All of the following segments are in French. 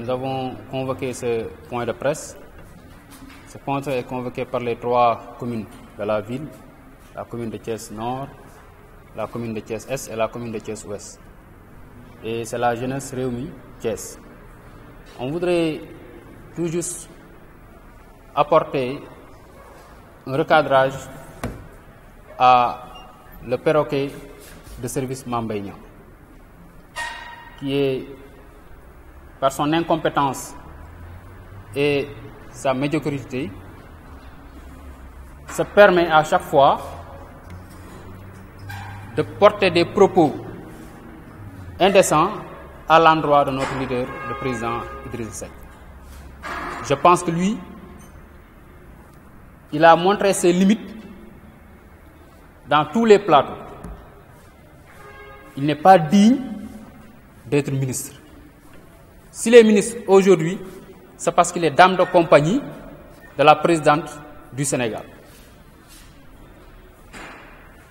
nous avons convoqué ce point de presse. Ce point est convoqué par les trois communes de la ville, la commune de Thiès Nord, la commune de Thiès Est et la commune de Thiès Ouest. Et c'est la jeunesse réunie Thiès. On voudrait tout juste apporter un recadrage à le perroquet de service Mambéignan, qui est par son incompétence et sa médiocrité, se permet à chaque fois de porter des propos indécents à l'endroit de notre leader, le président Idriss Seck. Je pense que lui, il a montré ses limites dans tous les plateaux. Il n'est pas digne d'être ministre. Si est ministre aujourd'hui, c'est parce qu'il est dame de compagnie de la présidente du Sénégal.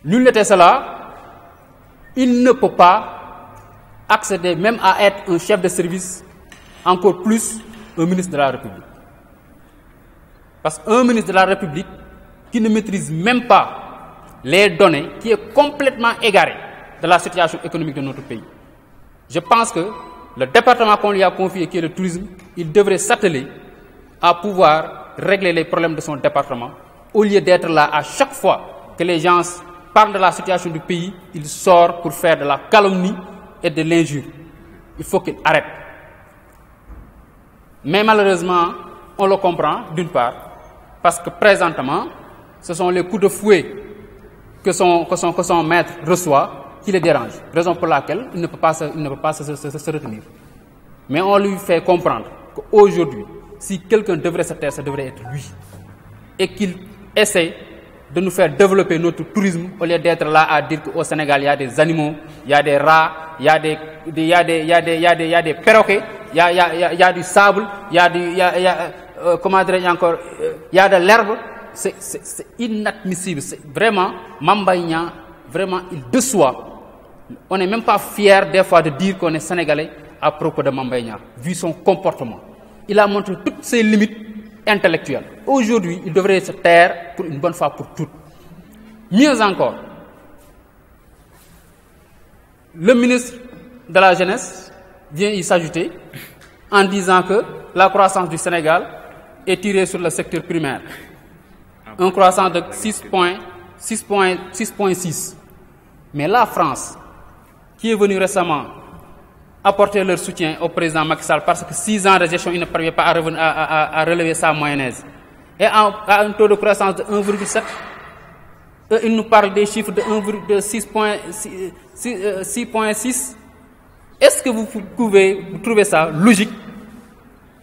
Nul n'était cela. Il ne peut pas accéder même à être un chef de service, encore plus un ministre de la République. Parce qu'un ministre de la République qui ne maîtrise même pas les données, qui est complètement égaré de la situation économique de notre pays. Je pense que le département qu'on lui a confié, qui est le tourisme, il devrait s'atteler à pouvoir régler les problèmes de son département. Au lieu d'être là à chaque fois que les gens parlent de la situation du pays, il sort pour faire de la calomnie et de l'injure. Il faut qu'il arrête. Mais malheureusement, on le comprend d'une part, parce que présentement, ce sont les coups de fouet que son, que son, que son maître reçoit qui les dérange, raison pour laquelle il ne peut pas se, il ne peut pas se, retenir. Mais on lui fait comprendre qu'aujourd'hui, si quelqu'un devrait se taire, ça devrait être lui. Et qu'il essaie de nous faire développer notre tourisme au lieu d'être là à dire qu'au Sénégal, il y a des animaux, il y a des rats, il y a des, des, perroquets, il y a, du sable, il y a il encore, il y a de l'herbe. C'est inadmissible. Vraiment, Mambaïna, vraiment, il déçoit on n'est même pas fier des fois de dire qu'on est sénégalais à propos de Mambaynia, vu son comportement. Il a montré toutes ses limites intellectuelles. Aujourd'hui, il devrait se taire pour une bonne fois pour toutes. Mieux encore, le ministre de la Jeunesse vient y s'ajouter en disant que la croissance du Sénégal est tirée sur le secteur primaire. Une croissance de 6,6. Mais la France, qui est venu récemment apporter leur soutien au président Macky Sall parce que six ans de gestion, il ne parvient pas à, relever sa moyenne. Et à un taux de croissance de 1,7, il nous parle des chiffres de 6,6. Euh, Est-ce que vous pouvez vous trouver ça logique,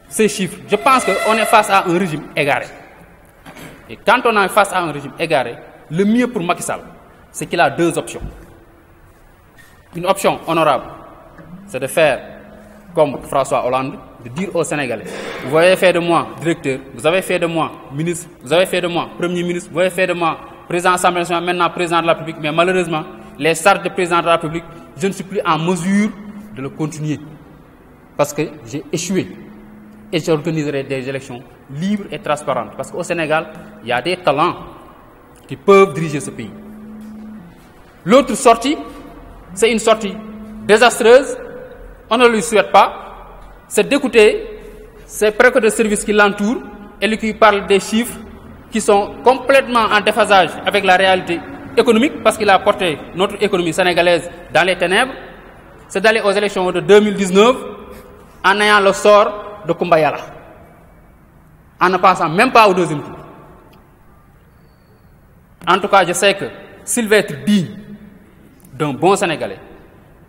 ces chiffres Je pense qu'on est face à un régime égaré. Et quand on est face à un régime égaré, le mieux pour Macky Sall, c'est qu'il a deux options. Une option honorable, c'est de faire comme François Hollande, de dire aux Sénégalais, vous avez fait de moi directeur, vous avez fait de moi ministre, vous avez fait de moi premier ministre, vous avez fait de moi président de l'Assemblée maintenant président de la République, mais malheureusement, les charges de président de la République, je ne suis plus en mesure de le continuer parce que j'ai échoué et j'organiserai des élections libres et transparentes parce qu'au Sénégal, il y a des talents qui peuvent diriger ce pays. L'autre sortie, c'est une sortie désastreuse, on ne lui souhaite pas, c'est d'écouter ces presque de service qui l'entourent et lui qui parle des chiffres qui sont complètement en déphasage avec la réalité économique parce qu'il a porté notre économie sénégalaise dans les ténèbres, c'est d'aller aux élections de 2019 en ayant le sort de Kumbayala, en ne passant même pas au deuxième tour. En tout cas, je sais que Sylvette veut d'un bon Sénégalais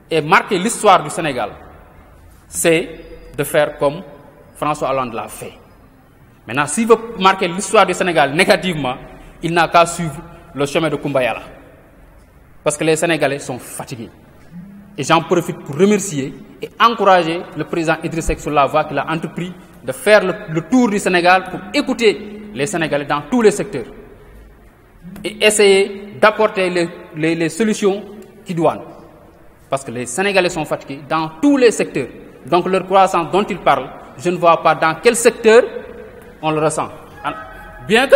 et marquer l'histoire du Sénégal, c'est de faire comme François Hollande l'a fait. Maintenant, s'il veut marquer l'histoire du Sénégal négativement, il n'a qu'à suivre le chemin de Kumbayala. Parce que les Sénégalais sont fatigués. Et j'en profite pour remercier et encourager le président Idriss Seck sur la qu'il a entrepris de faire le, tour du Sénégal pour écouter les Sénégalais dans tous les secteurs et essayer d'apporter les solutions doivent Parce que les Sénégalais sont fatigués dans tous les secteurs. Donc leur croissance dont ils parlent, je ne vois pas dans quel secteur on le ressent. Ah, bien que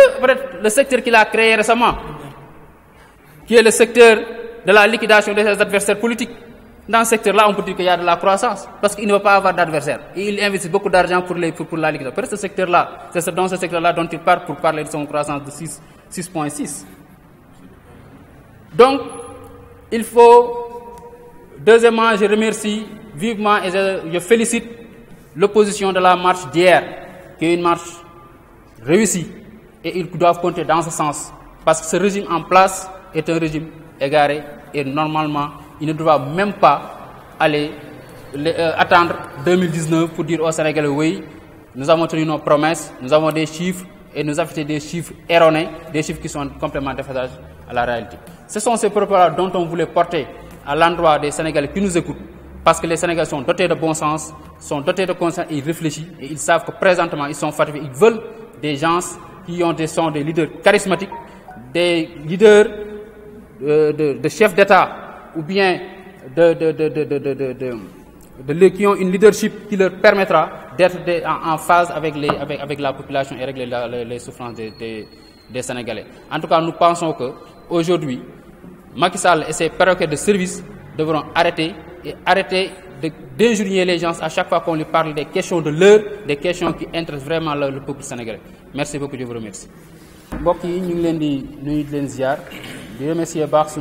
le secteur qu'il a créé récemment, qui est le secteur de la liquidation des adversaires politiques, dans ce secteur-là, on peut dire qu'il y a de la croissance, parce qu'il ne veut pas avoir d'adversaires. Il investit beaucoup d'argent pour, les, pour, la liquidation. ce secteur-là, c'est dans ce secteur-là dont il parle pour parler de son croissance de 6,6. Donc, il faut, deuxièmement, je remercie vivement et je, félicite l'opposition de la marche d'hier, qui est une marche réussie, et ils doivent compter dans ce sens, parce que ce régime en place est un régime égaré, et normalement, il ne doit même pas aller euh, attendre 2019 pour dire aux Sénégalais, oui, nous avons tenu nos promesses, nous avons des chiffres, et nous avons des chiffres erronés, des chiffres qui sont complètement défaillants à la réalité. Ce sont ces propos-là dont on voulait porter à l'endroit des Sénégalais qui nous écoutent, parce que les Sénégalais sont dotés de bon sens, sont dotés de conscience, et ils réfléchissent, et ils savent que présentement, ils sont fatigués. Ils veulent des gens qui ont des, sont des leaders charismatiques, des leaders euh, de, chefs d'État, ou bien de, qui ont une leadership qui leur permettra d'être en, phase avec, les, avec, la population et régler les, souffrances des, des, Sénégalais. En tout cas, nous pensons que aujourd'hui, Macky et ses perroquets de service devront arrêter et arrêter d'injurier les gens à chaque fois qu'on lui parle des questions de l'heure, des questions qui intéressent vraiment le, peuple sénégalais. Merci beaucoup, je vous remercie. mbokk yi ñu ngi leen di ziar Je remercie baax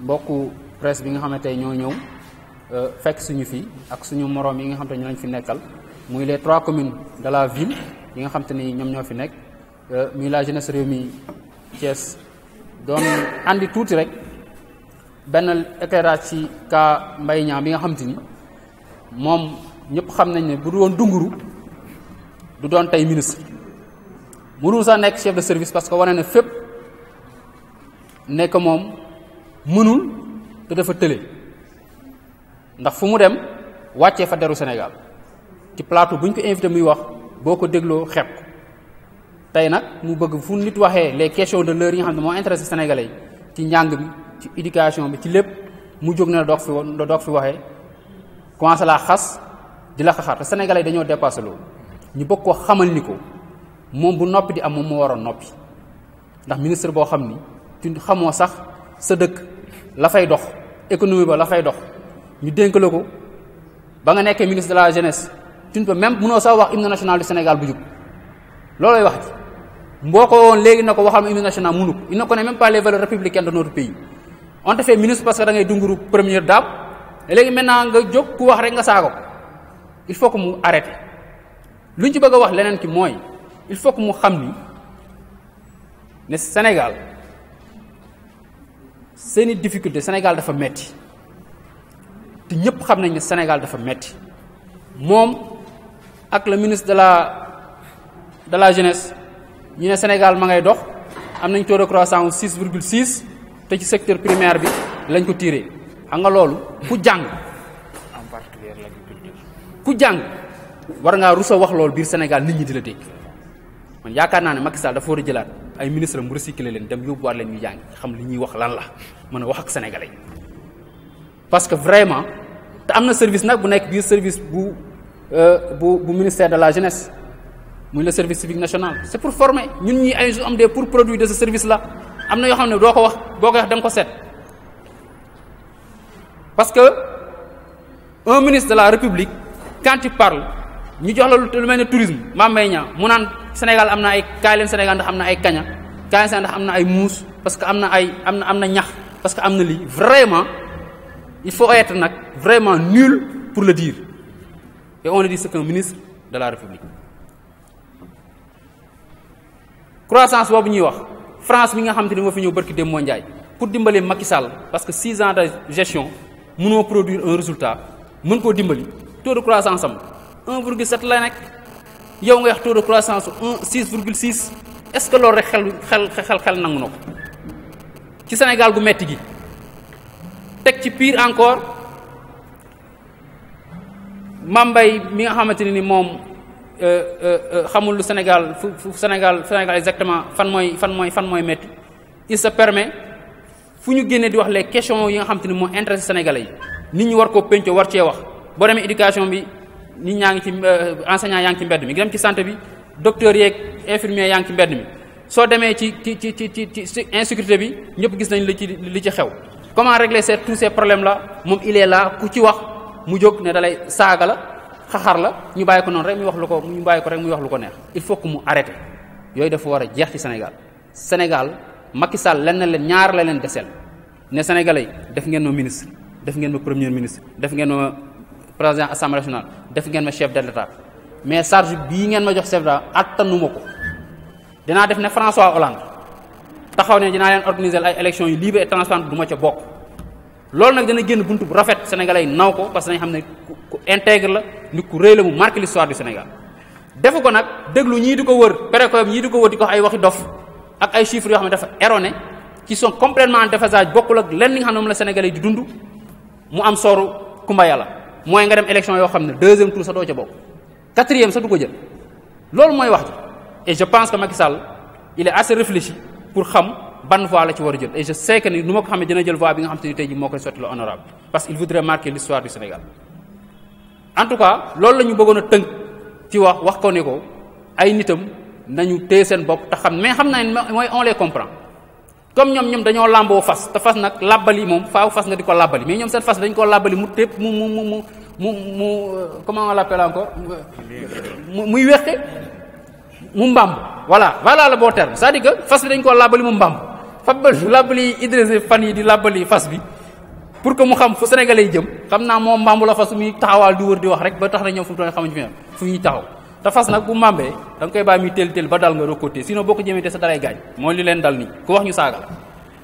beaucoup presse bi nga xam ne tey ñoo ñëw euh, fekk suñu fi ak suñu morom yi nga fi nekkal muy les trois communes de la ville yi nga xam ñom ñoo fi nekk euh, muy la jeunesse Rewmi Thiès doon andi tuuti rek benn éclairage ci ka mbay ñaa bi nga xam te ni moom ñëpp xam nañ ne bu doon dunguru du doon tey ministre mënul sax nekk chef de service parce que wane na fépp nekk moom mënul te dafa tële ndax fu mu dem wàccee fa deru Sénégal ci plateau bu ñu ko invité muy wax boo ko dégloo xeeb tey nag mu bëgg fu nit waxee les question de l'heure yi nga xam ne moo intéressé Sénégalais ci njàng bi ci éducation bi ci lépp mu jóg na doog fi doog fi waxee commencé laa xas di la xaxar te Sénégalais dañoo dépassé loolu ñu bëgg ko xamal ni ko moom bu noppi di am moom moo waroon noppi ndax ministre boo xam ni tu xamoo sax sa dëkk la fay dox économie ba la fay dox ñu dénk la ko ba nga nekkee ministre de la jeunesse tu ne peux même sax wax hymne national du Sénégal bu jub loolooy wax ji mboo ko woon léegi na ko waxal mu hymne national munu ko il ne connaît même pas les valeurs républicaines de notre pays on te fait ministre parce que da ngay dunguru première daab léegi maintenant nga jóg ku wax rek nga saago il faut que mu arrêté lu ñu ci bëgg a wax leneen ki mooy il faut que mu xam ni ne Sénégal seeni difficulté Sénégal dafa metti te ñëpp xam nañ ne Sénégal dafa metti moom ak le ministre de de la jeunesse ñu ne Sénégal ma ngay dox am nañ taux de croissance 6,6 te ci secteur primaire bi lañ ko tiré xam nga loolu ku jàng en particulier l'agriculture ku jàng war ngaa russo wax loolu biir Sénégal nit ñi di la dégg man yaakaar naa ne Macky Sall dafa war a jëlaat ay ministre mu recycler leen dem yóbbuwaat leen ñu jàng xam li ñuy wax lan la mën a wax ak sénégalais parce que vraiment te am na service nag bu nekk biir service bu euh, bu bu ministère de la jeunesse muy le service civique national c'est pour former ñun ñi ay am des pour produit de ce service là am na yoo xam ne doo ko wax boo ko wax da ko seet parce que un ministre de la république quand tu parles, ñu jox la lu mel tourisme Mame Mbaye Niang mu naan Sénégal am na ay kaay Sénégal ndax am na ay kaña kaay Sénégal ndax am na ay muus parce que am na ay am na am na ñax parce que am na vraiment il faut être nag vraiment nul pour le dire et on le dit ce qu'un ministre de la république croissance bobu ñuy wax France mi nga xamanteni mo fi ñëw barki dem moo njaay pour dimbali Macky Sall parce que 6 ans de gestion mënoo produire un résultat mën ko dimbali taux de croissance am 1,7 la nek yow nga wax taux de croissance 1 6,6 est-ce que loolu rek xel xel xel xel nangu na ci Sénégal gu metti gi tek ci pire encore Mambay mi nga xamanteni ni mom euh, euh, euh, xamul lu Sénégal fu Sénégal Sénégal exactement fan moy fan moy fan moy metti il se permet fu ñu génnee di wax les questions yi nga xam mo intérêt Sénégalais yi nit ñi war ko péncoo war ci wax bo démé éducation bi nit ñaa ngi ci enseignant yaa ci mbedd mi gëm ci santé bi docteur yeeg infirmier yaa ci mbedd mi so démé ci ci ci ci insécurité bi ñëpp gis nañ li li ci xew comment régler ces tous ces problèmes là mom il est là ku ci wax mu jog né dalay saaga la xaxar la ñu bàyyi ko noonu rek muy wax lu ko ñu bàyyi ko rek muy wax lu ko neex il faut que mu arrêté yooyu dafa war a jeex ci Sénégal Sénégal Macky Sall lenn leen ñaar la leen deseel ne Sénégalais def ngeen ma ministre def ngeen ma premier ministre def ngeen ma président assemblée nationale def ngeen ma chef de l'état mais charge bii ngeen ma jox chef d'état attanuma ko dinaa def ne François Hollande taxaw ne dinaa leen organiser ay élections yu libres et transparentes du ma ca bokk loolu nag dana génn buntu bu rafet sénégalais yi naw parce que dañ xam ne ku intègre la nit ku rëy la mu marqué l'histoire du Sénégal defu ko nak deglu ñi diko wër pérékoyam ñii diko ko wër di ko ay waxi dof ak ay chiffres yo xamne ne dafa erroné qui sont complètement en déphasage bokkul ak lenn li nga la Sénégalais du di dund mu am sooru kumba yalla moy nga dem élection yo xamne deuxième tour sa do ci bokk quatrième sa du ko jël lool moy wax ji et je pense que Macky Sall il est assez réfléchi pour xam ban voix la ci wara jël et je sais que ni numa ko xamee dina jël voix bi nga xam tay ji moo soti sotti honorable parce qu'il voudrait marquer l'histoire du Sénégal en tout cas loolu lañu ñu bëggoon a tënk ci wax wax ko ne ko ay nitam nañu téye seen bopp te xam mais xam naa ne mooy on les comprend comme ñoom ñoom dañoo lamboo fas te fas nag labbali moom faaw fas nga di ko labbali mais ñoom seen fas dañ ko labbali mu tépp mu mu mu mu mu mu comment on l'appelle encore muy wexte mu mbamb voilà voilà le bon terme c'est à dire que fas bi dañ ko labbali mu mbamb fa ba labbali idrisé fan yi di labbali fas bi pour que mu xam fu Sénégalais yi jëm xam naa moom mbambu la fas muy taxawaal di wër di wax rek ba tax na ñoom fu mu toll xamuñ fi fu ñuy taxaw te fas nag bu mambee da koy bàyyi muy teel teel ba dal nga doo côté sinon boo ko jëmee te sa daray gaañ mooy li leen dal nii ku wax ñu saaga la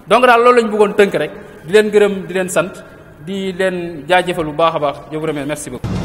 donc daal loolu lañu bëggoon tënk rek di leen gërëm di leen sant di leen jaajëfal bu baax a baax je vous remercie merci beaucoup